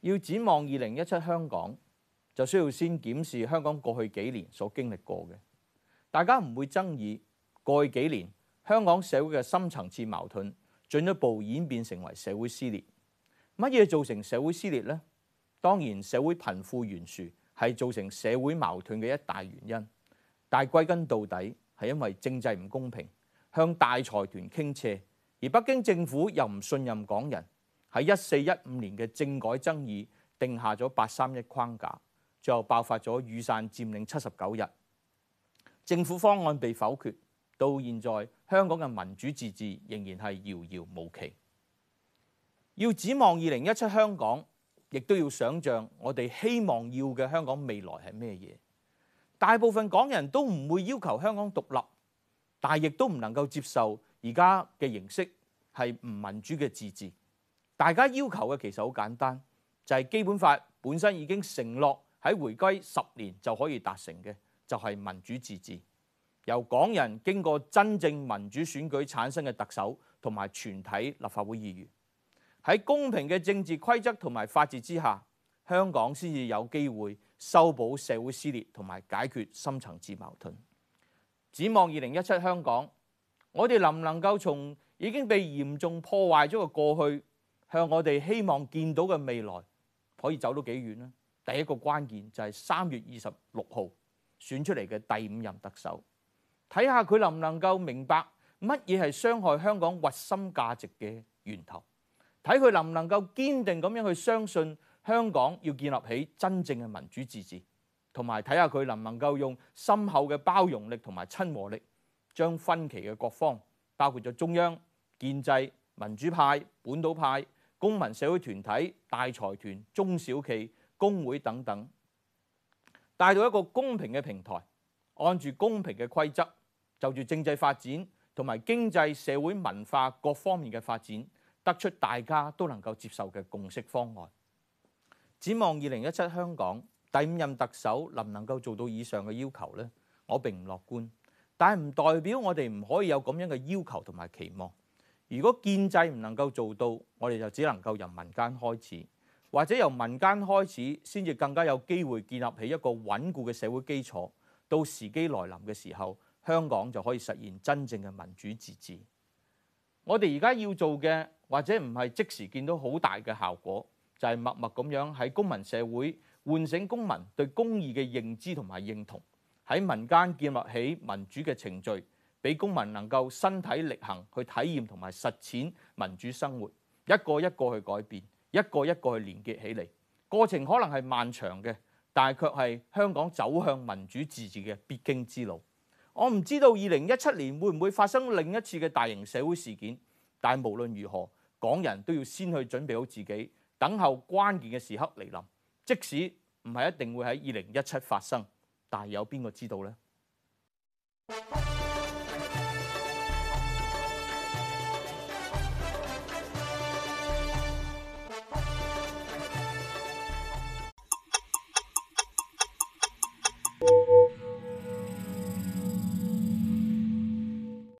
要展望二零一七香港，就需要先檢視香港過去幾年所經歷過嘅。大家唔會爭議，過去幾年香港社會嘅深層次矛盾進一步演變成為社會撕裂。乜嘢造成社會撕裂呢？當然社會貧富懸殊係造成社會矛盾嘅一大原因，但係歸根到底係因為政制唔公平，向大財團傾斜，而北京政府又唔信任港人。喺一四一五年嘅政改爭議，定下咗八三一框架，最後爆發咗雨傘佔領七十九日，政府方案被否決。到現在，香港嘅民主自治仍然係遙遙無期。要展望二零一七香港，亦都要想象我哋希望要嘅香港未來係咩嘢？大部分港人都唔會要求香港獨立，但係亦都唔能夠接受而家嘅形式係唔民主嘅自治。大家要求嘅其實好簡單，就係基本法本身已經承諾喺回歸十年就可以達成嘅，就係民主自治，由港人經過真正民主選舉產生嘅特首同埋全體立法會議員喺公平嘅政治規則同埋法治之下，香港先至有機會修補社會撕裂同埋解決深層次矛盾。展望二零一七香港，我哋能唔能夠從已經被嚴重破壞咗嘅過去？向我哋希望見到嘅未來可以走到幾遠呢？第一個關鍵就係三月二十六號選出嚟嘅第五任特首，睇下佢能唔能夠明白乜嘢係傷害香港核心價值嘅源頭，睇佢能唔能夠堅定咁樣去相信香港要建立起真正嘅民主自治，同埋睇下佢能唔能夠用深厚嘅包容力同埋親和力，將分歧嘅各方，包括咗中央建制、民主派、本土派。公民社會團體、大財團、中小企、工會等等，帶到一個公平嘅平台，按住公平嘅規則，就住政制發展同埋經濟、社會、文化各方面嘅發展，得出大家都能夠接受嘅共識方案。展望二零一七香港，第五任特首能唔能夠做到以上嘅要求呢？我並唔樂觀，但係唔代表我哋唔可以有咁樣嘅要求同埋期望。如果建制唔能夠做到，我哋就只能夠由民間開始，或者由民間開始，先至更加有機會建立起一個穩固嘅社會基礎。到時機來臨嘅時候，香港就可以實現真正嘅民主自治。我哋而家要做嘅，或者唔係即時見到好大嘅效果，就係默默咁樣喺公民社會喚醒公民對公義嘅認知同埋認同，喺民間建立起民主嘅程序。俾公民能夠身體力行去體驗同埋實踐民主生活，一個一個去改變，一個一個去連結起嚟。過程可能係漫長嘅，但係卻係香港走向民主自治嘅必經之路。我唔知道二零一七年會唔會發生另一次嘅大型社會事件，但係無論如何，港人都要先去準備好自己，等候關鍵嘅時刻嚟臨。即使唔係一定會喺二零一七發生，但係有邊個知道呢？